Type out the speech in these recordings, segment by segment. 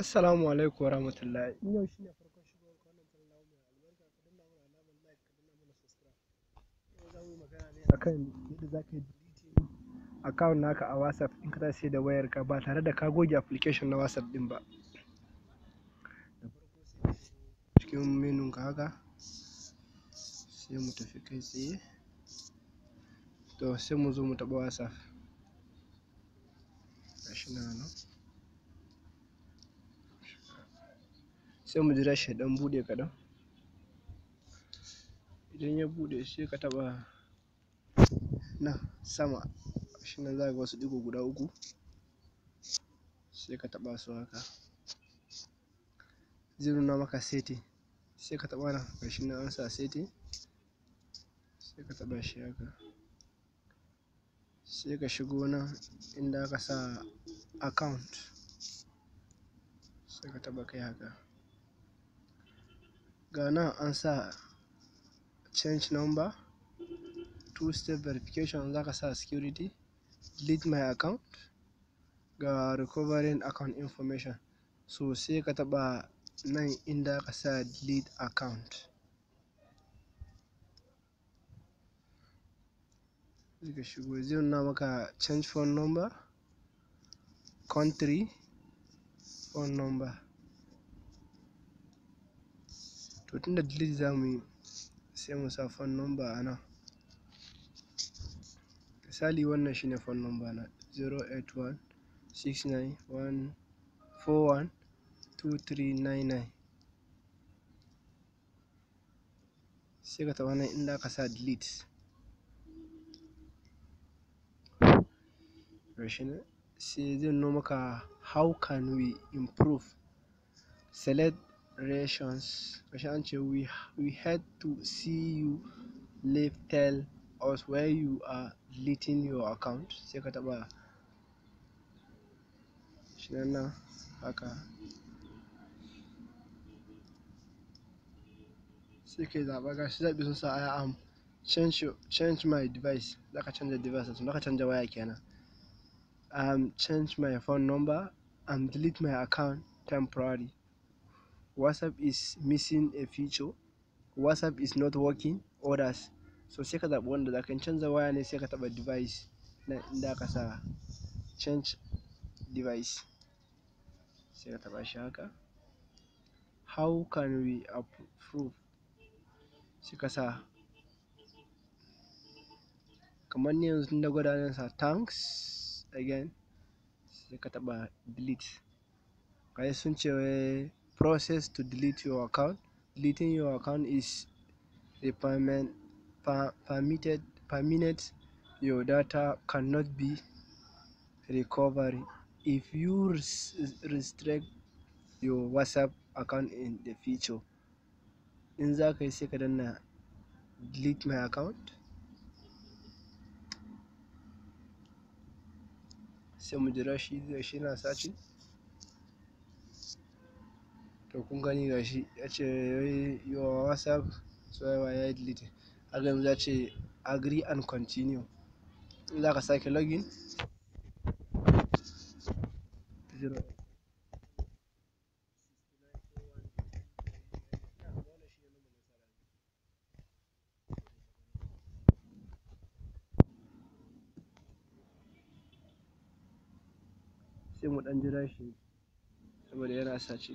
Assalamu alaikum warahmatullahi. In yau shine farkon shigowar wannan albarka ka mana alamar like magana akan yadda za ka naka a WhatsApp in ka sai da wayar ka ba tare da ka goge application na WhatsApp din ba. Da farko sai cikin menu ka haka sai mu tafi kai tsaye. To sai mu zo mu WhatsApp. Gashi nan. sai mu jira shi ɗan buɗe kaɗan idan ya buɗe sai ka taɓa nan sama shi nan za ka ga wasu ɗigo guda uku sai ka taɓa su haka zai nuna maka seti sai ka taɓa nan gashi nan an sa seti sai ka taɓa shi haka sai ka shigo nan inda aka sa account sai ka taɓa kai haka ga nan an sa change number two step verification za ka sa security delete my account ga recovering account information so sai ka taba nan inda ka sa delete account ka shigo zai nuna maka change phone number country phone number to tunda delete za mu yi sai mu sa phone number a nan misali wannan shine phone number na 081 69 41 2399 sai ka taɓa nan inda aka sa delete gashi sai zai nuno maka how can we improve select rations Ashanti, we we had to see you leave tell us where you are deleting your account See, ka taba shi nan haka sai ka zaɓa ga shi i am change, change my device za change the device za change the waya i um, change my phone number and delete my account temporarily WhatsApp is missing a feature, WhatsApp is not working, others. So sai ka zaɓi wanda za ka canza waya ne sai ka taɓa device na inda ka sa change device. Sai ka taɓa shi haka. How can we approve? Sai ka sa kamar ni yanzu na gwada zan sa thanks again sai ka taɓa delete. Kaga sun ce wai process to delete your account deleting your account is a permanent per, permitted permanent your data cannot be recovered if you res restrict your whatsapp account in the future in za ka delete my account sai mu jira to kun gani ga shi ya ce your whatsapp server ya yi deleting har yanzu ya ce agree and continue in za ka sake login sai mu ɗan jira shi saboda yana sace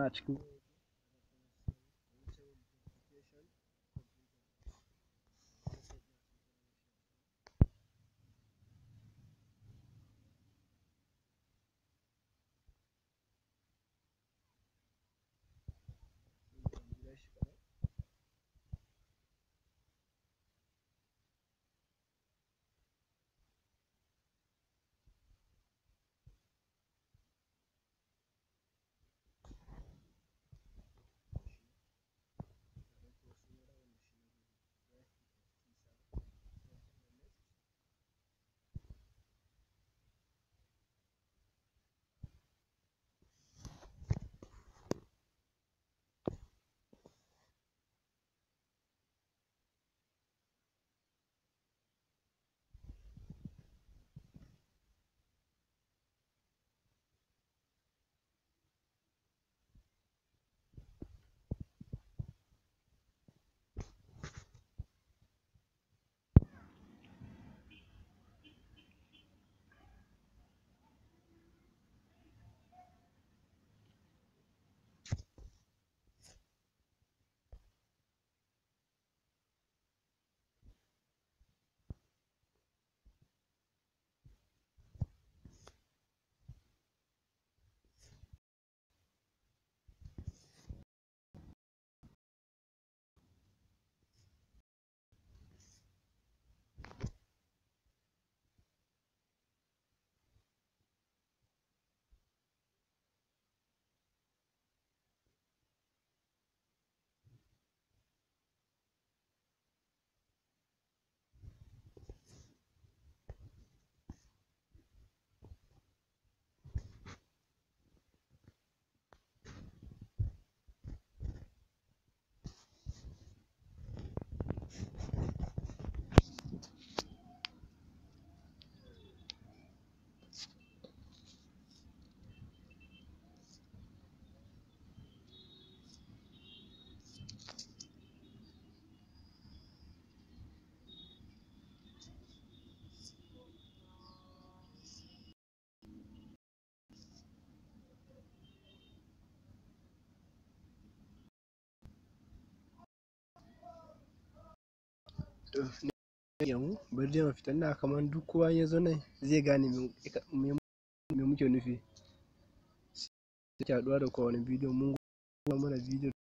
fanático yamu bari dai mu fita kamar duk kowa ya zo nan zai gane me muke nufi. Sake haɗuwa da kowane wani bidiyo mun gwada mana bidiyo.